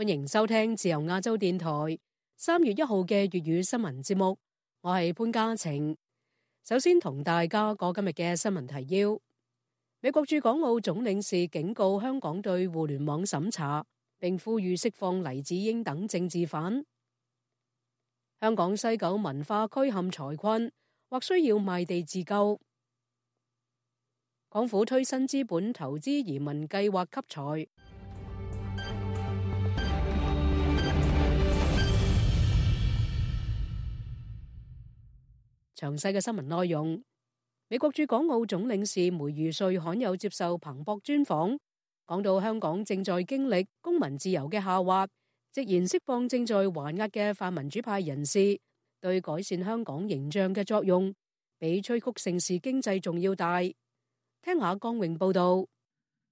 歡迎收聽自由亞洲電台三月一號嘅粵語新聞節目，我係潘嘉晴。首先同大家講今日嘅新聞提要：美國駐港澳總領事警告香港對互聯網審查，並呼籲釋放黎智英等政治犯。香港西九文化區陷財困，或需要賣地自救。港府推新資本投資移民計劃吸財。詳細嘅新聞內容，美國駐港澳總領事梅如瑞罕有接受彭博專訪，講到香港正在經歷公民自由嘅下滑，直言釋放正在還押嘅泛民主派人士對改善香港形象嘅作用，比催谷城市經濟仲要大。聽下江永報道，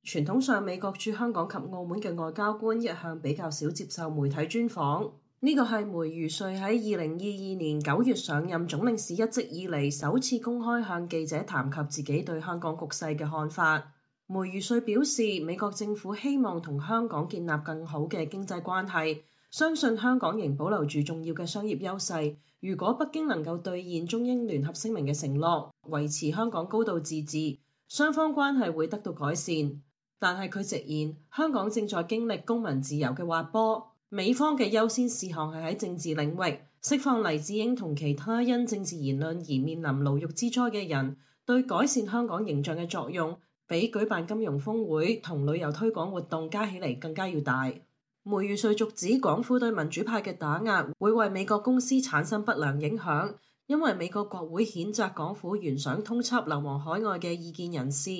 傳統上美國駐香港及澳門嘅外交官一向比較少接受媒體專訪。呢個係梅儒瑞喺二零二二年九月上任總領事一職以嚟，首次公開向記者談及自己對香港局勢嘅看法。梅儒瑞表示，美國政府希望同香港建立更好嘅經濟關係，相信香港仍保留住重要嘅商業優勢。如果北京能夠兌現中英聯合聲明嘅承諾，維持香港高度自治，雙方關係會得到改善。但係佢直言，香港正在經歷公民自由嘅滑坡。美方嘅優先事項係喺政治領域釋放黎智英同其他因政治言論而面臨牢獄之災嘅人，對改善香港形象嘅作用，比舉辦金融峰會同旅遊推廣活動加起嚟更加要大。梅儒瑞續指，港府對民主派嘅打壓會為美國公司產生不良影響，因為美國國會譴責港府懸賞通緝流亡海外嘅異見人士，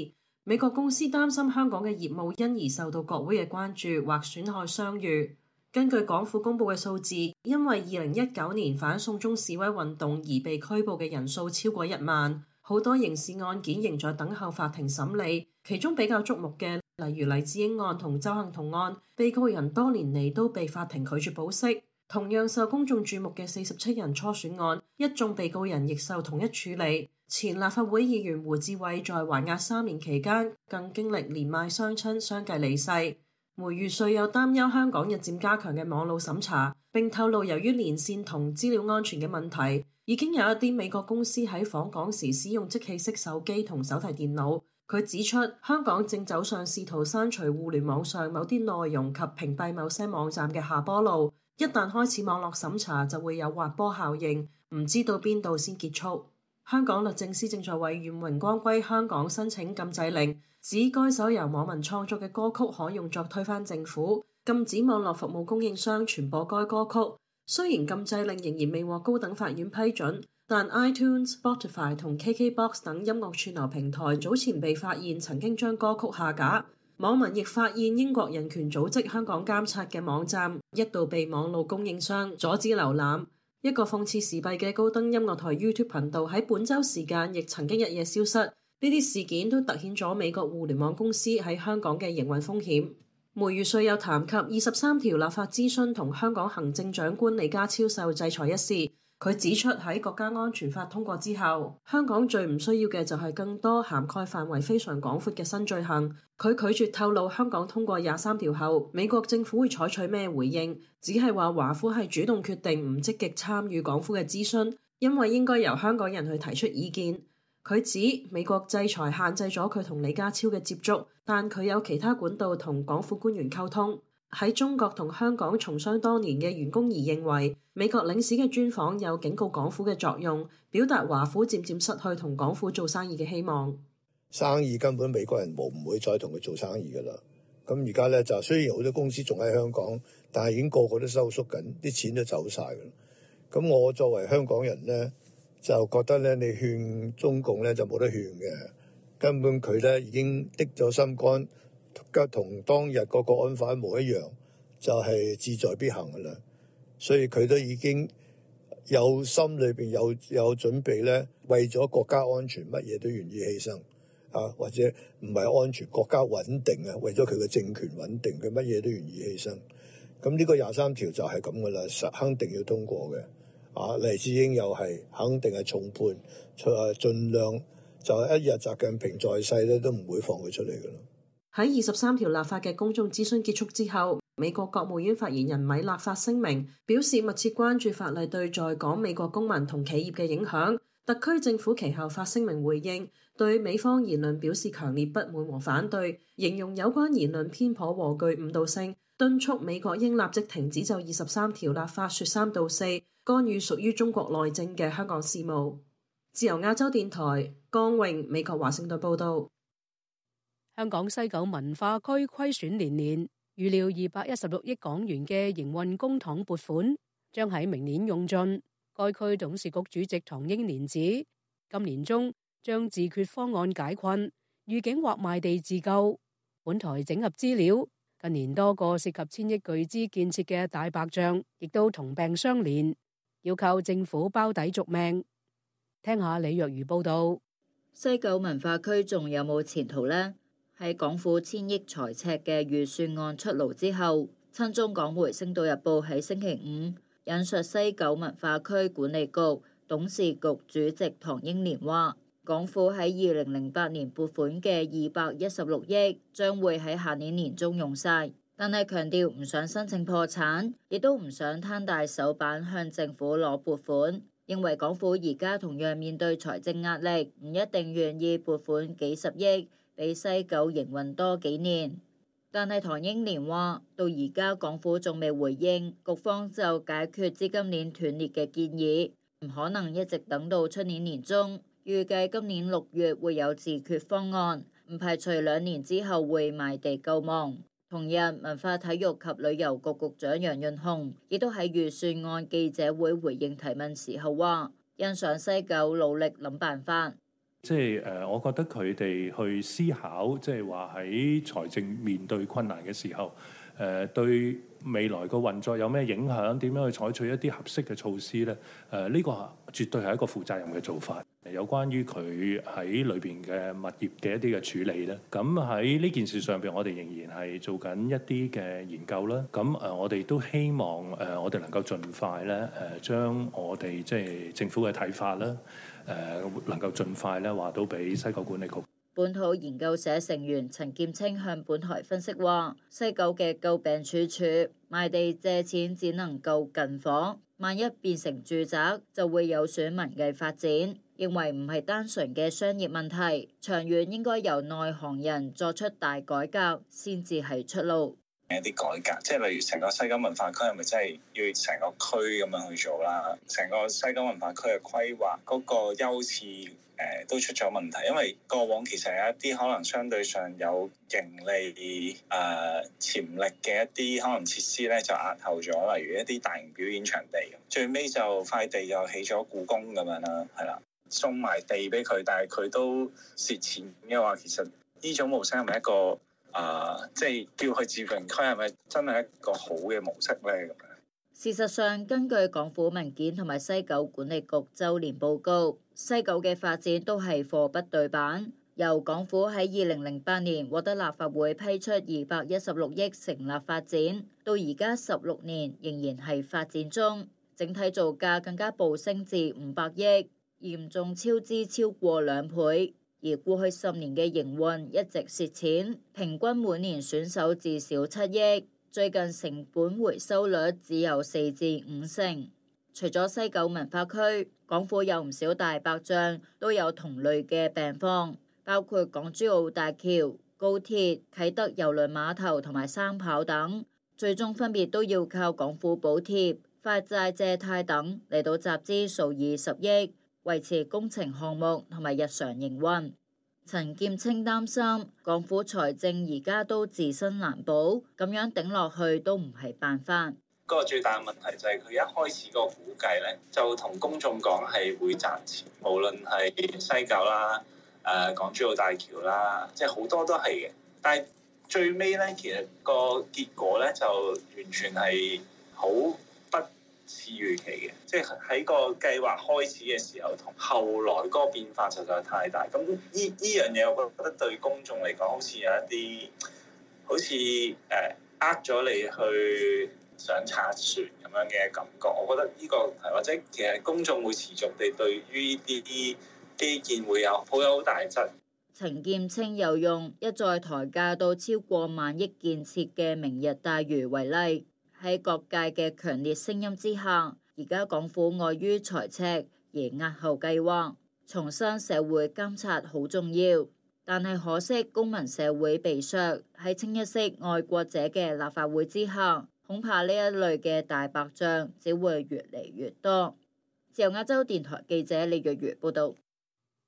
美國公司擔心香港嘅業務因而受到國會嘅關注或損害商譽。根據港府公布嘅數字，因為二零一九年反送中示威運動而被拘捕嘅人數超過一萬，好多刑事案件仍在等候法庭審理。其中比較矚目嘅，例如黎智英案同鄒幸彤案，被告人多年嚟都被法庭拒絕保釋。同樣受公眾注目嘅四十七人初選案，一眾被告人亦受同一處理。前立法會議員胡志偉在還押三年期間，更經歷年邁雙親相繼離世。梅玉瑞又擔憂香港日漸加強嘅網絡審查，並透露由於連線同資料安全嘅問題，已經有一啲美國公司喺訪港時使用即棄式手機同手提電腦。佢指出，香港正走上試圖刪除互聯網上某啲內容及屏蔽某些網站嘅下坡路，一旦開始網絡審查，就會有滑坡效應，唔知道邊度先結束。香港律政司正在為願榮光歸香港申請禁制令，指該首由網民創作嘅歌曲可用作推翻政府，禁止網絡服務供應商傳播該歌曲。雖然禁制令仍然未獲高等法院批准，但 iTunes、Spotify 同 KKBOX 等音樂串流平台早前被發現曾經將歌曲下架。網民亦發現英國人權組織香港監察嘅網站一度被網絡供應商阻止瀏覽。一個諷刺時弊嘅高登音樂台 YouTube 頻道喺本周時間亦曾經一夜消失，呢啲事件都凸顯咗美國互聯網公司喺香港嘅營運風險。梅如穗又談及二十三條立法諮詢同香港行政長官李家超受制裁一事。佢指出喺國家安全法通過之後，香港最唔需要嘅就係更多涵蓋範圍非常廣闊嘅新罪行。佢拒絕透露香港通過廿三條後，美國政府會採取咩回應，只係話華府係主動決定唔積極參與港府嘅諮詢，因為應該由香港人去提出意見。佢指美國制裁限制咗佢同李家超嘅接觸，但佢有其他管道同港府官員溝通。喺中國同香港從商多年嘅員工而認為，美國領事嘅專訪有警告港府嘅作用，表達華府漸漸失去同港府做生意嘅希望。生意根本美國人冇，唔會再同佢做生意噶啦。咁而家咧就，雖然好多公司仲喺香港，但係已經個個都收縮緊，啲錢都走晒噶啦。咁我作為香港人咧，就覺得咧，你勸中共咧就冇得勸嘅，根本佢咧已經滴咗心肝。嘅同當日個國安法一模一樣，就係、是、志在必行嘅啦。所以佢都已經有心裏邊有有準備咧，為咗國家安全，乜嘢都願意犧牲啊，或者唔係安全國家穩定啊，為咗佢嘅政權穩定，佢乜嘢都願意犧牲。咁、啊、呢個廿三條就係咁嘅啦，實肯定要通過嘅啊。黎智英又係肯定係重判，啊、盡就係量就係一日習近平在世咧，都唔會放佢出嚟嘅啦。喺二十三條立法嘅公眾諮詢結束之後，美國國務院發言人米納發聲明，表示密切關注法例對在港美國公民同企業嘅影響。特區政府其後發聲明回應，對美方言論表示強烈不滿和反對，形容有關言論偏頗和具誤導性，敦促美國應立即停止就二十三條立法說三道四，干預屬於中國內政嘅香港事務。自由亞洲電台，江永，美國華盛頓報道。香港西九文化區虧損連年，預料二百一十六億港元嘅營運公帑撥款將喺明年用盡。該區董事局主席唐英年指，今年中將自決方案解困，預警或賣地自救。本台整合資料，近年多個涉及千億巨資建設嘅大白象亦都同病相憐，要靠政府包底續命。聽下李若如報道，西九文化區仲有冇前途呢？喺港府千億財赤嘅預算案出爐之後，親中港媒《星島日報》喺星期五引述西九文化區管理局董事局主席唐英年話：港府喺二零零八年撥款嘅二百一十六億，將會喺下年年中用晒，但係強調唔想申請破產，亦都唔想攤大手板向政府攞撥款，認為港府而家同樣面對財政壓力，唔一定願意撥款幾十億。比西九營運多幾年，但係唐英年話到而家港府仲未回應局方就解決資金鏈斷裂嘅建議，唔可能一直等到出年年中，預計今年六月會有自決方案，唔排除兩年之後會賣地救亡。同日，文化體育及旅遊局局局長楊潤雄亦都喺預算案記者會回應提問時候話，欣賞西九努力諗辦法。即係誒，我覺得佢哋去思考，即係話喺財政面對困難嘅時候，誒、呃、對未來個運作有咩影響？點樣去採取一啲合適嘅措施咧？誒、呃，呢、這個絕對係一個負責任嘅做法。有關於佢喺裏邊嘅物業嘅一啲嘅處理咧，咁喺呢件事上邊，我哋仍然係做緊一啲嘅研究啦。咁誒，我哋都希望誒，我哋能夠盡快咧，誒，將我哋即係政府嘅睇法啦。呃、能夠盡快咧話到俾西九管理局。本土研究社成員陳劍青向本台分析話：西九嘅舊病處處賣地借錢，只能夠救近火，萬一變成住宅，就會有損文藝發展。認為唔係單純嘅商業問題，長遠應該由內行人作出大改革，先至係出路。一啲改革，即係例如成個西九文化區係咪真係要成個區咁樣去做啦？成個西九文化區嘅規劃，嗰、那個優次誒、呃、都出咗問題，因為過往其實有一啲可能相對上有盈利誒、呃、潛力嘅一啲可能設施咧就壓後咗，例如一啲大型表演場地，最尾就塊地又起咗故宮咁樣啦，係啦，送埋地俾佢，但係佢都蝕錢嘅話，其實呢種模式係咪一個？啊！即係叫佢自營，佢係咪真係一個好嘅模式呢？咁樣事實上，根據港府文件同埋西九管理局周年報告，西九嘅發展都係貨不對板。由港府喺二零零八年獲得立法會批出二百一十六億成立發展，到而家十六年仍然係發展中，整體造價更加暴升至五百億，嚴重超支超過兩倍。而過去十年嘅營運一直蝕錢，平均每年損手至少七億。最近成本回收率只有四至五成。除咗西九文化區，港府有唔少大白象，都有同類嘅病況，包括港珠澳大橋、高鐵、啟德郵輪碼頭同埋三跑等，最終分別都要靠港府補貼、發債借貸等嚟到集資數二十億。維持工程項目同埋日常營運，陳劍青擔心港府財政而家都自身難保，咁樣頂落去都唔係辦法。個最大問題就係佢一開始個估計咧，就同公眾講係會賺錢，無論係西九啦、誒、呃、港珠澳大橋啦，即係好多都係嘅。但係最尾咧，其實個結果咧就完全係好。次預期嘅，即係喺個計劃開始嘅時候同後來個變化實在太大。咁呢呢樣嘢，我覺得對公眾嚟講，好似有一啲好似誒呃咗你去想拆船咁樣嘅感覺。我覺得呢個或者其實公眾會持續地對於呢啲基建會有好有大質疑。陳劍青又用一再抬價到超過萬億建設嘅明日大嶼為例。喺各界嘅強烈聲音之下，而家港府礙於財赤而押後計劃，重申社會監察好重要。但係可惜公民社會被削喺清一色愛國者嘅立法會之下，恐怕呢一類嘅大白象只會越嚟越多。自由亞洲電台記者李若如報道，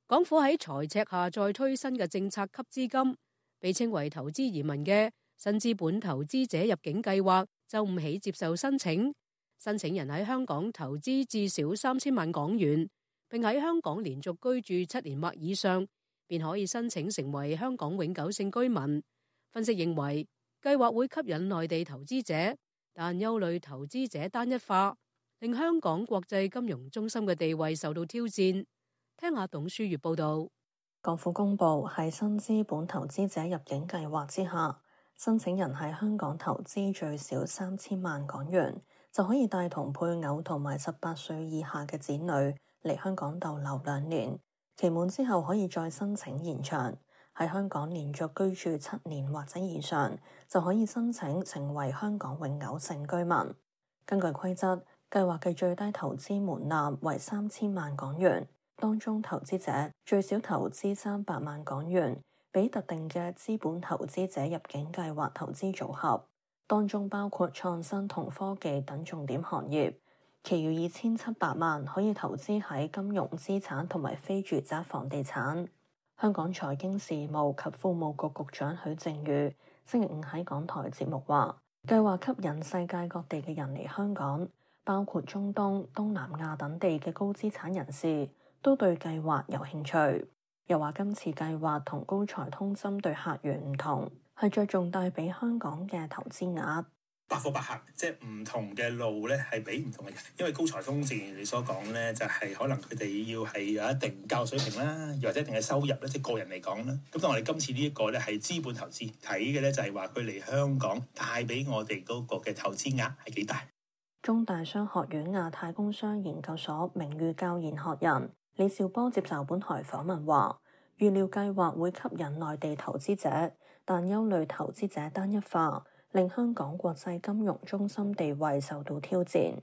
港府喺財赤下再推新嘅政策，給資金，被稱為投資移民嘅新資本投資者入境計劃。周五起接受申請，申請人喺香港投資至少三千萬港元，並喺香港連續居住七年或以上，便可以申請成為香港永久性居民。分析認為，計劃會吸引內地投資者，但憂慮投資者單一化令香港國際金融中心嘅地位受到挑戰。聽下董書月報道，港府公布喺新資本投資者入境計劃之下。申請人喺香港投資最少三千萬港元，就可以帶同配偶同埋十八歲以下嘅子女嚟香港逗留兩年。期滿之後可以再申請延長。喺香港連續居住七年或者以上，就可以申請成為香港永久性居民。根據規則，計劃嘅最低投資門檻為三千萬港元，當中投資者最少投資三百萬港元。俾特定嘅資本投資者入境計劃投資組合，當中包括創新同科技等重點行業。其餘二千七百萬可以投資喺金融資產同埋非住宅房地產。香港財經事務及庫務局局長許正宇星期五喺港台節目話：計劃吸引世界各地嘅人嚟香港，包括中東、東南亞等地嘅高資產人士，都對計劃有興趣。又話今次計劃同高才通針對客源唔同，係着重帶俾香港嘅投資額，百貨百客，即係唔同嘅路咧，係俾唔同嘅人。因為高才通正如你所講咧，就係可能佢哋要係有一定教育水平啦，又或者一定嘅收入咧，即係個人嚟講啦，咁但我哋今次呢一個咧，係資本投資睇嘅咧，就係話佢嚟香港帶俾我哋嗰個嘅投資額係幾大。中大商學院亞太工商研究所名譽教研學人。李兆波接受本台訪問話，預料計劃會吸引內地投資者，但憂慮投資者單一化，令香港國際金融中心地位受到挑戰。誒、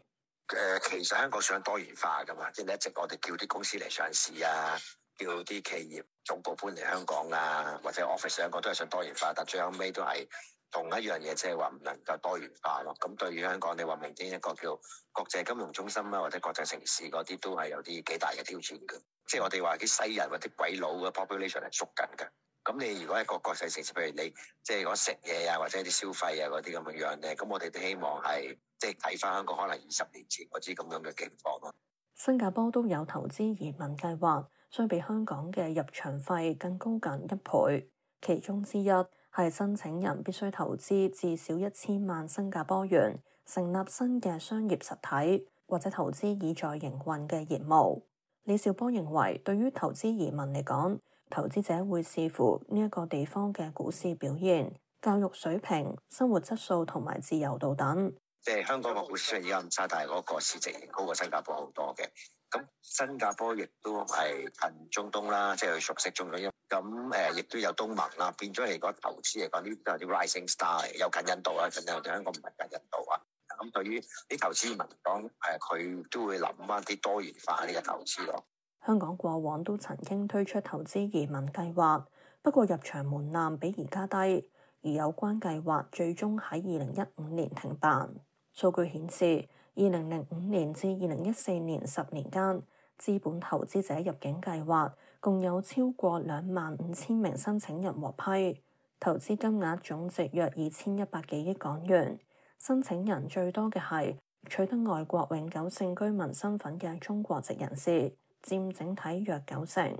呃，其實香港想多元化噶嘛，即係一直我哋叫啲公司嚟上市啊，叫啲企業總部搬嚟香港啊，或者 office 喺香港都係想多元化，但最後尾都係。同一樣嘢，即係話唔能夠多元化咯。咁對於香港，你話明天一個叫國際金融中心啦，或者國際城市嗰啲，都係有啲幾大嘅挑戰嘅。即係我哋話啲西人或者鬼佬嘅 population 係縮緊㗎。咁你如果一個國際城市，譬如你即係講食嘢啊，或者啲消費啊嗰啲咁嘅樣咧，咁我哋都希望係即係睇翻香港可能二十年前嗰啲咁樣嘅情況咯。新加坡都有投資移民計劃，相比香港嘅入場費更高近一倍，其中之一係申請人必須投資至少一千萬新加坡元，成立新嘅商業實體，或者投資已在營運嘅業務。李兆波認為，對於投資移民嚟講，投資者會視乎呢一個地方嘅股市表現、教育水平、生活質素同埋自由度等。即係香港嘅股市雖然而家咁差，但係嗰個市值高過新加坡好多嘅。咁新加坡亦都係近中東啦，即係佢熟悉中東。咁誒，亦都有東盟啦，變咗嚟講投資嚟講，呢啲都係啲 rising star，有近印度啊，近又仲有一香港唔係近印度啊。咁對於啲投資移民嚟講，誒佢都會諗翻啲多元化呢個投資咯。香港過往都曾經推出投資移民計劃，不過入場門檻比而家低，而有關計劃最終喺二零一五年停辦。數據顯示。二零零五年至二零一四年十年間，資本投資者入境計劃共有超過兩萬五千名申請人獲批，投資金額總值約二千一百幾億港元。申請人最多嘅係取得外國永久性居民身份嘅中國籍人士，佔整體約九成。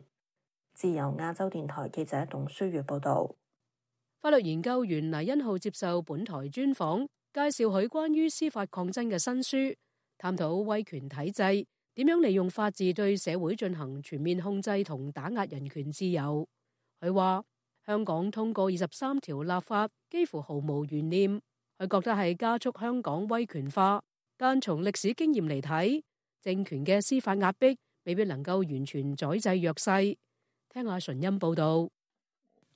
自由亞洲電台記者董書月報道。法律研究員黎恩浩接受本台專訪。介紹佢關於司法抗爭嘅新書，探討威權體制點樣利用法治對社會進行全面控制同打壓人權自由。佢話香港通過二十三條立法幾乎毫無懸念，佢覺得係加速香港威權化。但從歷史經驗嚟睇，政權嘅司法壓迫未必能夠完全宰制弱勢。聽下純音報道，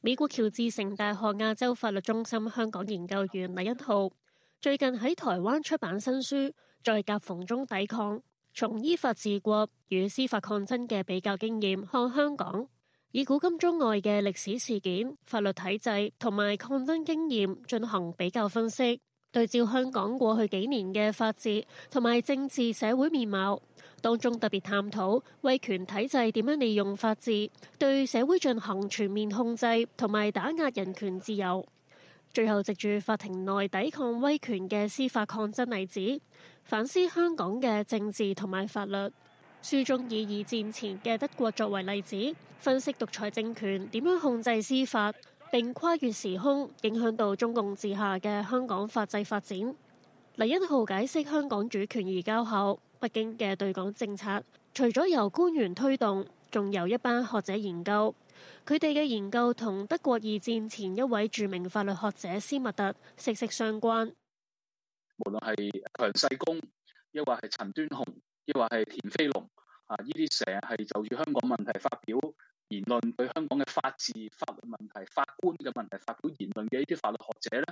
美國喬治城大學亞洲法律中心香港研究員黎恩灝。最近喺台灣出版新書《在夾縫中抵抗》，從依法治國與司法抗爭嘅比較經驗看香港，以古今中外嘅歷史事件、法律體制同埋抗爭經驗進行比較分析，對照香港過去幾年嘅法治同埋政治社會面貌，當中特別探討威權體制點樣利用法治對社會進行全面控制同埋打壓人權自由。最後藉住法庭內抵抗威權嘅司法抗爭例子，反思香港嘅政治同埋法律。書中以二戰前嘅德國作為例子，分析獨裁政權點樣控制司法，并跨越時空影響到中共治下嘅香港法制發展。黎恩浩解釋香港主權移交後，北京嘅對港政策，除咗由官員推動，仲由一班學者研究。佢哋嘅研究同德國二戰前一位著名法律學者施密特息息相關。無論係強世功，抑或係陳端洪，抑或係田飛龍，啊，呢啲成日係就住香港問題發表言論，對香港嘅法治法律問題、法官嘅問題發表言論嘅呢啲法律學者咧，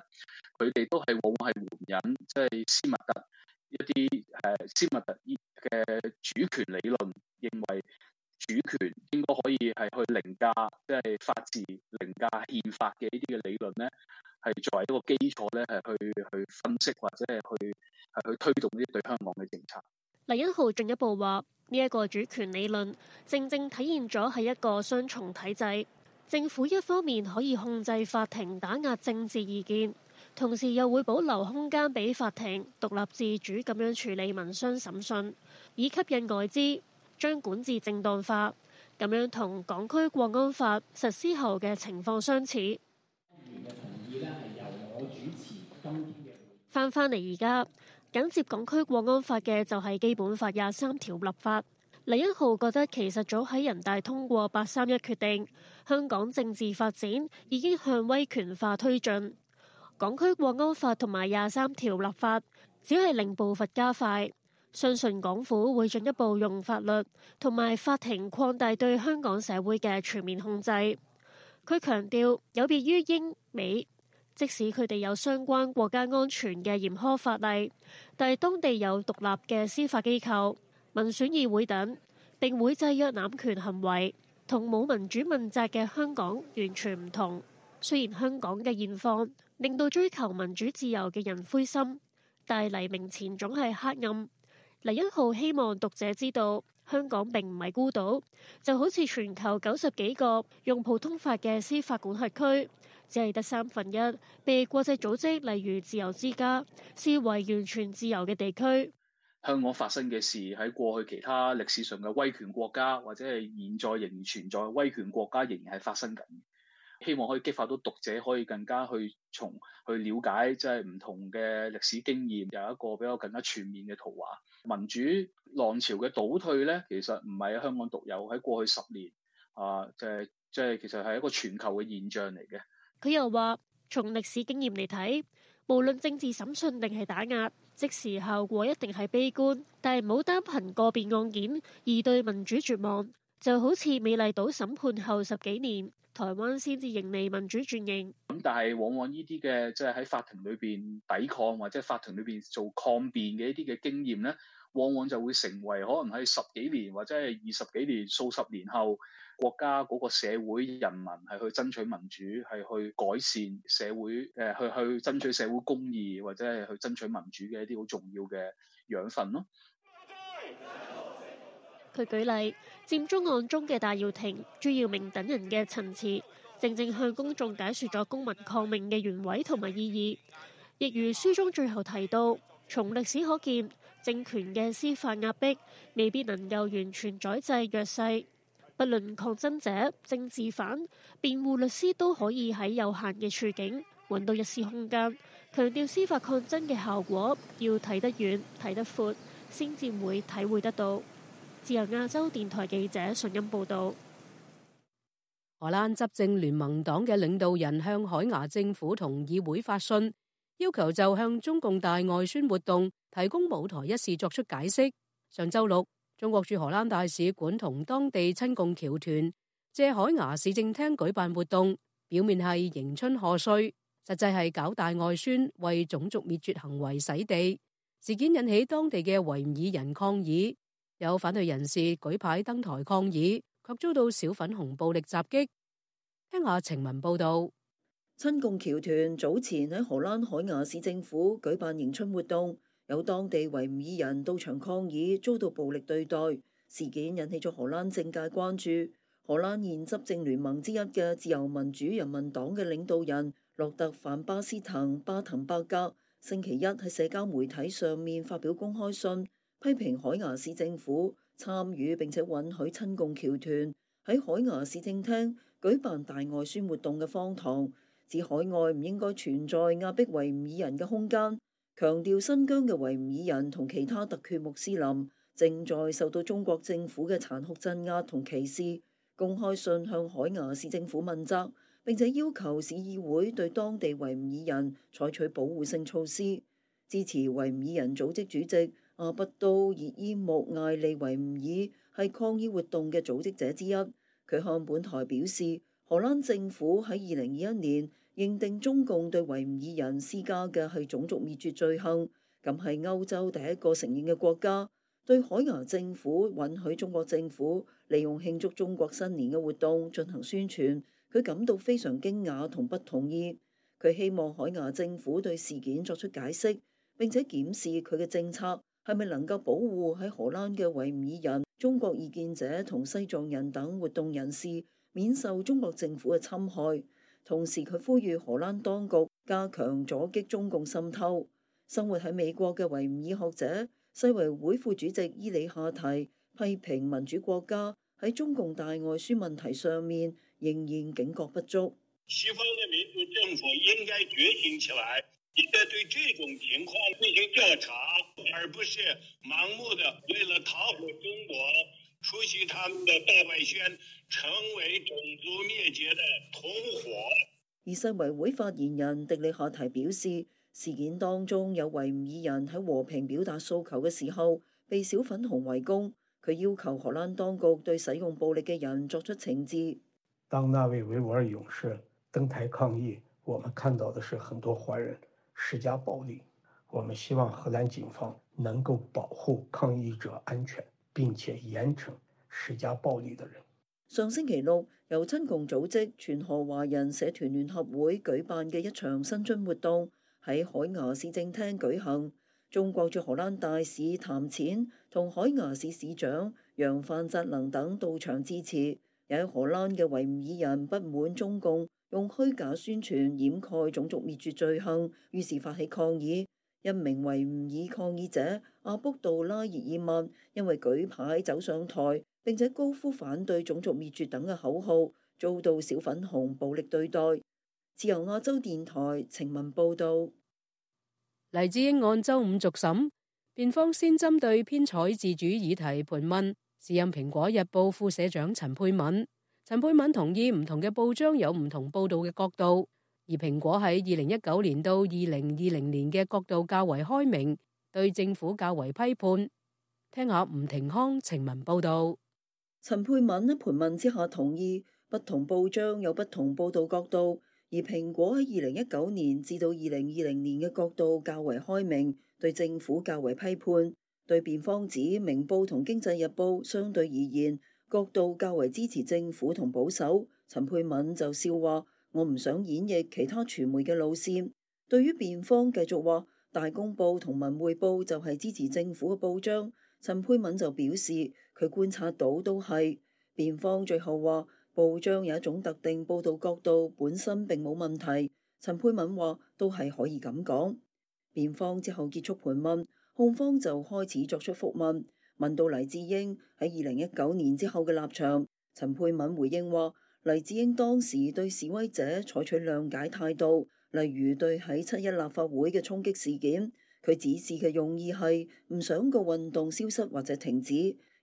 佢哋都係往往係援引即係、就是、施密特一啲誒，啊、施密特嘅主權理論，係去凌駕，即係法治凌駕憲法嘅呢啲嘅理論呢，係作為一個基礎咧，係去去分析或者係去係去推動呢對香港嘅政策。黎恩灝進一步話：呢、這、一個主權理論正正體現咗係一個雙重體制，政府一方面可以控制法庭打壓政治意見，同時又會保留空間俾法庭獨立自主咁樣處理民商審訊，以吸引外資，將管治正當化。咁樣同港區國安法實施後嘅情況相似。翻返嚟而家，緊接港區國安法嘅就係基本法廿三條立法。黎恩灝覺得其實早喺人大通過八三一決定，香港政治發展已經向威權化推進。港區國安法同埋廿三條立法只係令步伐加快。相信港府會進一步用法律同埋法庭擴大對香港社會嘅全面控制。佢強調，有別於英美，即使佢哋有相關國家安全嘅嚴苛法例，但係當地有獨立嘅司法機構、民選議會等，並會制約濫權行為，同冇民主問責嘅香港完全唔同。雖然香港嘅現況令到追求民主自由嘅人灰心，但係黎明前總係黑暗。黎恩浩希望讀者知道，香港並唔係孤島，就好似全球九十幾個用普通法嘅司法管轄區，只係得三分一被國際組織例如自由之家視為完全自由嘅地區。香港發生嘅事喺過去其他歷史上嘅威權國家，或者係現在仍然存在嘅威權國家，仍然係發生緊。希望可以激發到讀者可以更加去從去了解，即係唔同嘅歷史經驗，有一個比較更加全面嘅圖畫。民主浪潮嘅倒退呢，其實唔係香港獨有，喺過去十年啊，即係即係，其實係一個全球嘅現象嚟嘅。佢又話，從歷史經驗嚟睇，無論政治審訊定係打壓，即時效果一定係悲觀，但係唔好單憑個別案件而對民主絕望，就好似美麗島審判後十幾年。台灣先至迎嚟民主轉型，咁但係往往呢啲嘅即係喺法庭裏邊抵抗或者法庭裏邊做抗辯嘅一啲嘅經驗咧，往往就會成為可能喺十幾年或者係二十幾年、數十年後國家嗰個社會人民係去爭取民主、係去改善社會、誒、呃、去去爭取社會公義或者係去爭取民主嘅一啲好重要嘅養分咯。佢舉例佔中案中嘅大耀庭朱耀明等人嘅陳詞，正正向公眾解説咗公民抗命嘅原委同埋意義。亦如書中最後提到，從歷史可見，政權嘅司法壓迫未必能夠完全宰制弱勢，不論抗爭者、政治犯、辯護律師都可以喺有限嘅處境揾到一絲空間。強調司法抗爭嘅效果要睇得遠、睇得闊，先至會體會得到。自由亞洲電台記者陳音報道：荷蘭執政聯盟黨嘅領導人向海牙政府同議會發信，要求就向中共大外宣活動提供舞台一事作出解釋。上周六，中國駐荷蘭大使館同當地親共僑團借海牙市政廳舉辦活動，表面係迎春賀歲，實際係搞大外宣，為種族滅絕行為洗地。事件引起當地嘅維吾爾人抗議。有反對人士舉牌登台抗議，卻遭到小粉紅暴力襲擊。聽下晴文報道，親共僑團早前喺荷蘭海牙市政府舉辦迎春活動，有當地維吾爾人到場抗議，遭到暴力對待。事件引起咗荷蘭政界關注。荷蘭現執政聯盟之一嘅自由民主人民黨嘅領導人洛特凡巴斯滕巴滕伯格，星期一喺社交媒體上面發表公開信，批評海牙市政府參與並且允許親共僑團喺海牙市政廳舉辦大外宣活動嘅荒唐，指海外唔應該存在壓迫維吾爾人嘅空間，強調新疆嘅維吾爾人同其他突厥穆斯林正在受到中國政府嘅殘酷鎮壓同歧視。公開信向海牙市政府問責，並且要求市議會對當地維吾爾人採取保護性措施，支持維吾爾人組織主席，主席。阿不都熱伊木艾利維吾爾係抗議活動嘅組織者之一。佢向本台表示，荷蘭政府喺二零二一年認定中共對維吾爾人施加嘅係種族滅絕罪行，咁係歐洲第一個承認嘅國家。對海牙政府允許中國政府利用慶祝中國新年嘅活動進行宣傳，佢感到非常驚訝同不同意。佢希望海牙政府對事件作出解釋，並且檢視佢嘅政策。係咪能夠保護喺荷蘭嘅維吾爾人、中國異見者同西藏人等活動人士免受中國政府嘅侵害？同時佢呼籲荷蘭當局加強阻擊中共滲透。生活喺美國嘅維吾爾學者世維會副主席伊里夏提批評民主國家喺中共大外宣問題上面仍然警覺不足。西方嘅民主政府應該覺醒起來。應該對這種情況進行調查，而不是盲目的為了討好中國出席他們的大外宣，成為種族滅絕的同夥。而世維會發言人迪利哈提表示，事件當中有維吾爾人喺和平表達訴求嘅時候被小粉紅圍攻。佢要求荷蘭當局對使用暴力嘅人作出懲治。當那位維吾爾勇士登台抗議，我們看到的是很多華人。施加暴力，我們希望荷蘭警方能夠保護抗議者安全，並且嚴懲施加暴力的人。上星期六，由親共組織全荷華人社團聯合會舉辦嘅一場新春活動喺海牙市政廳舉行，中國駐荷蘭大使談錢同海牙市市長楊范澤能等到場支持。有喺荷蘭嘅維吾爾人不滿中共，用虛假宣傳掩蓋種族滅絕罪行，於是發起抗議。一名維吾爾抗議者阿卜杜拉熱爾曼，因為舉牌走上台，並且高呼反對種族滅絕等嘅口號，遭到小粉紅暴力對待。自由亞洲電台情文報道。黎智英案周五續審，辯方先針對編採自主議題盤問，時任蘋果日報副社長陳佩敏。陳佩敏同意唔同嘅報章有唔同報道嘅角度，而蘋果喺二零一九年到二零二零年嘅角度較為開明，對政府較為批判。聽下吳庭康、晴文報道。陳佩敏喺盤，盤問之下同意，不同報章有不同報道角度，而蘋果喺二零一九年至到二零二零年嘅角度較為開明，對政府較為批判。對辯方指《明報》同《經濟日報》相對而言。角度較為支持政府同保守，陳佩敏就笑話：我唔想演繹其他傳媒嘅路線。對於辯方繼續話《大公報》同《文匯報》就係支持政府嘅報章，陳佩敏就表示佢觀察到都係。辯方最後話報章有一種特定報導角度，本身並冇問題。陳佩敏話都係可以咁講。辯方之後結束盤問，控方就開始作出覆問。問到黎智英喺二零一九年之後嘅立場，陳佩敏回應話：黎智英當時對示威者採取諒解態度，例如對喺七一立法會嘅衝擊事件，佢指示嘅用意係唔想個運動消失或者停止，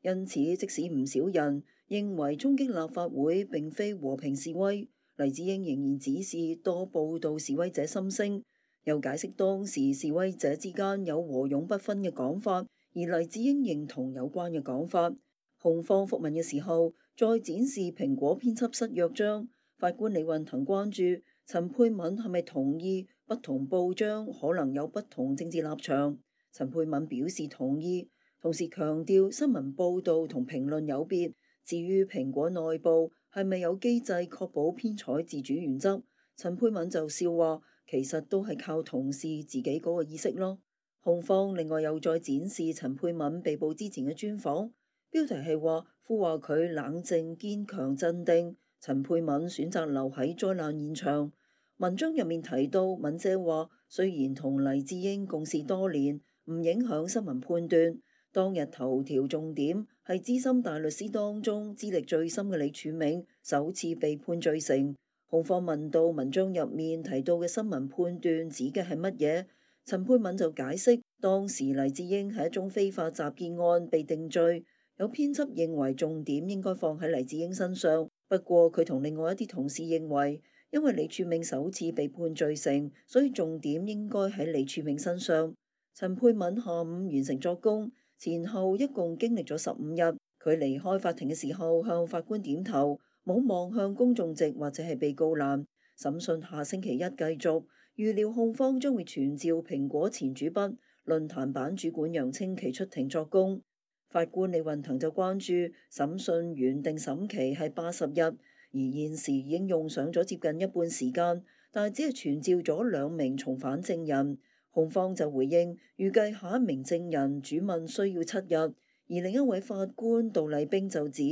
因此即使唔少人認為衝擊立法會並非和平示威，黎智英仍然指示多報導示威者心聲，又解釋當時示威者之間有和勇不分嘅講法。而黎智英認同有關嘅講法，控方覆問嘅時候再展示蘋果編輯室約章，法官李運騰關注陳佩敏係咪同意不同報章可能有不同政治立場。陳佩敏表示同意，同時強調新聞報導同評論有別。至於蘋果內部係咪有機制確保編採自主原則，陳佩敏就笑話其實都係靠同事自己嗰個意識咯。控方另外又再展示陳佩敏被捕之前嘅專訪標題係話呼話佢冷靜堅強鎮定。陳佩敏選擇留喺災難現場文章入面提到，敏姐話雖然同黎智英共事多年，唔影響新聞判斷當日頭條重點係資深大律師當中資歷最深嘅李柱銘首次被判罪成。控方問到文章入面提到嘅新聞判斷指嘅係乜嘢？陳佩敏就解釋，當時黎智英係一宗非法集結案被定罪，有編輯認為重點應該放喺黎智英身上。不過佢同另外一啲同事認為，因為李柱銘首次被判罪成，所以重點應該喺李柱銘身上。陳佩敏下午完成作供，前後一共經歷咗十五日。佢離開法庭嘅時候向法官點頭，冇望向公眾席或者係被告欄。審訊下星期一繼續。預料控方將會傳召蘋果前主筆、論壇版主管楊清奇出庭作供。法官李運騰就關注審訊原定審期係八十日，而現時已經用上咗接近一半時間，但係只係傳召咗兩名重返證人。控方就回應預計下一名證人主問需要七日，而另一位法官杜麗冰就指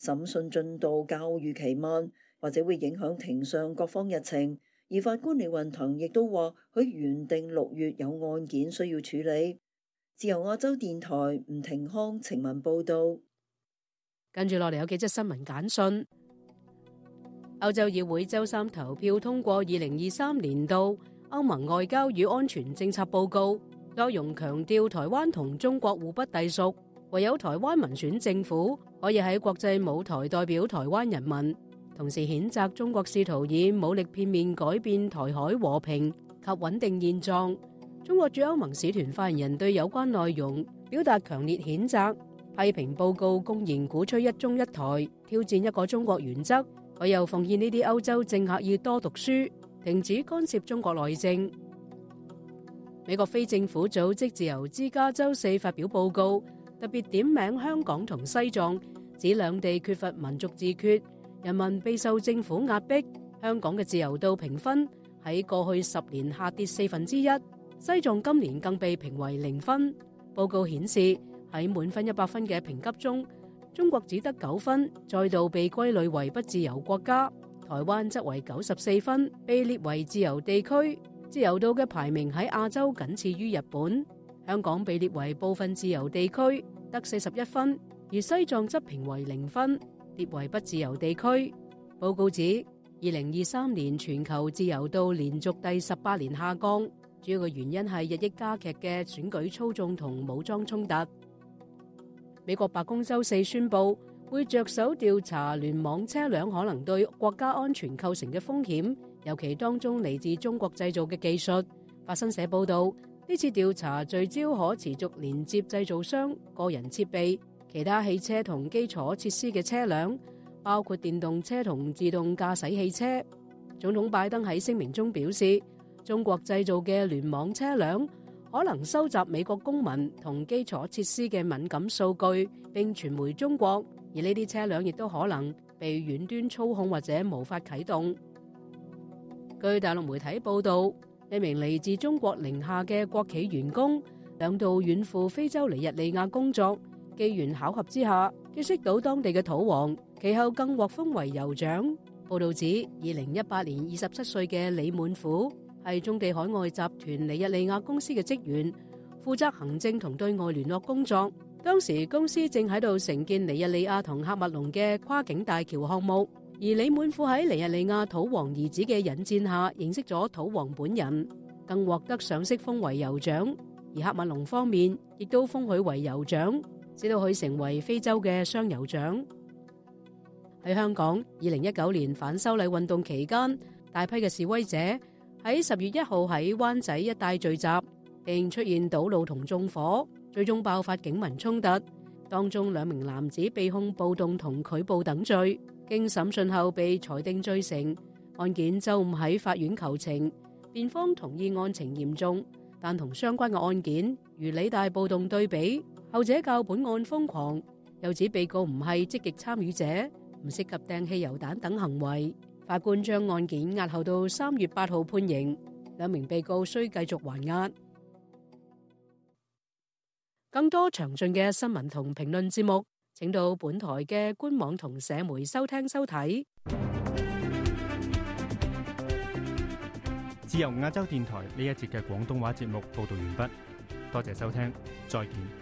審訊進度較預期慢，或者會影響庭上各方日程。而法官李運騰亦都話，佢原定六月有案件需要處理。自由亞洲電台吳庭康呈文報道，跟住落嚟有幾則新聞簡訊。歐洲議會周三投票通過二零二三年度歐盟外交與安全政策報告，內容強調台灣同中國互不隸屬，唯有台灣民選政府可以喺國際舞台代表台灣人民。同時譴責中國試圖以武力片面改變台海和平及穩定現狀。中國駐歐盟使團發言人對有關內容表達強烈譴責，批評報告公然鼓吹一中一台，挑戰一個中國原則。佢又奉勸呢啲歐洲政客要多讀書，停止干涉中國內政。美國非政府組織自由之家周四發表報告，特別點名香港同西藏，指兩地缺乏民族自決。人民備受政府壓迫，香港嘅自由度評分喺過去十年下跌四分之一，西藏今年更被評為零分。報告顯示喺滿分一百分嘅評級中，中國只得九分，再度被歸類為不自由國家。台灣則為九十四分，被列為自由地區。自由度嘅排名喺亞洲僅次於日本。香港被列為部分自由地區，得四十一分，而西藏則評為零分。跌為不自由地區。報告指，二零二三年全球自由度連續第十八年下降，主要嘅原因係日益加劇嘅選舉操縱同武裝衝突。美國白宮周四宣布，會着手調查聯網車輛可能對國家安全構成嘅風險，尤其當中嚟自中國製造嘅技術。法新社報道，呢次調查聚焦可持續連接製造商個人設備，其他汽車同基礎設施嘅車輛，包括電動車同自動駕駛汽車。總統拜登喺聲明中表示，中國製造嘅聯網車輛可能收集美國公民同基礎設施嘅敏感數據，並傳回中國。而呢啲車輛亦都可能被遠端操控或者無法啟動。據大陸媒體報道，一名嚟自中國寧夏嘅國企員工，兩度遠赴非洲尼日利亞工作。機緣巧合之下結識到當地嘅土王，其後更獲封為酋長。報道指，二零一八年二十七歲嘅李滿富係中地海外集團尼日利亞公司嘅職員，負責行政同對外聯絡工作。當時公司正喺度承建尼日利亞同喀麥隆嘅跨境大橋項目，而李滿富喺尼日利亞土王兒子嘅引薦下認識咗土王本人，更獲得賞識封為酋長。而喀麥隆方面亦都封佢為酋長。直到佢成為非洲嘅雙油長。喺香港，二零一九年反修例運動期間，大批嘅示威者喺十月一號喺灣仔一帶聚集，並出現堵路同縱火，最終爆發警民衝突。當中兩名男子被控暴動同拒捕等罪，經審訊後被裁定罪成。案件週五喺法院求情，辯方同意案情嚴重，但同相關嘅案件如理大暴動對比。後者較本案瘋狂，又指被告唔係積極參與者，唔涉及掟汽油彈等行為。法官將案件押後到三月八號判刑，兩名被告需繼續還押。更多詳盡嘅新聞同評論節目，請到本台嘅官網同社媒收聽收睇。自由亞洲電台呢一節嘅廣東話節目報導完畢，多謝收聽，再見。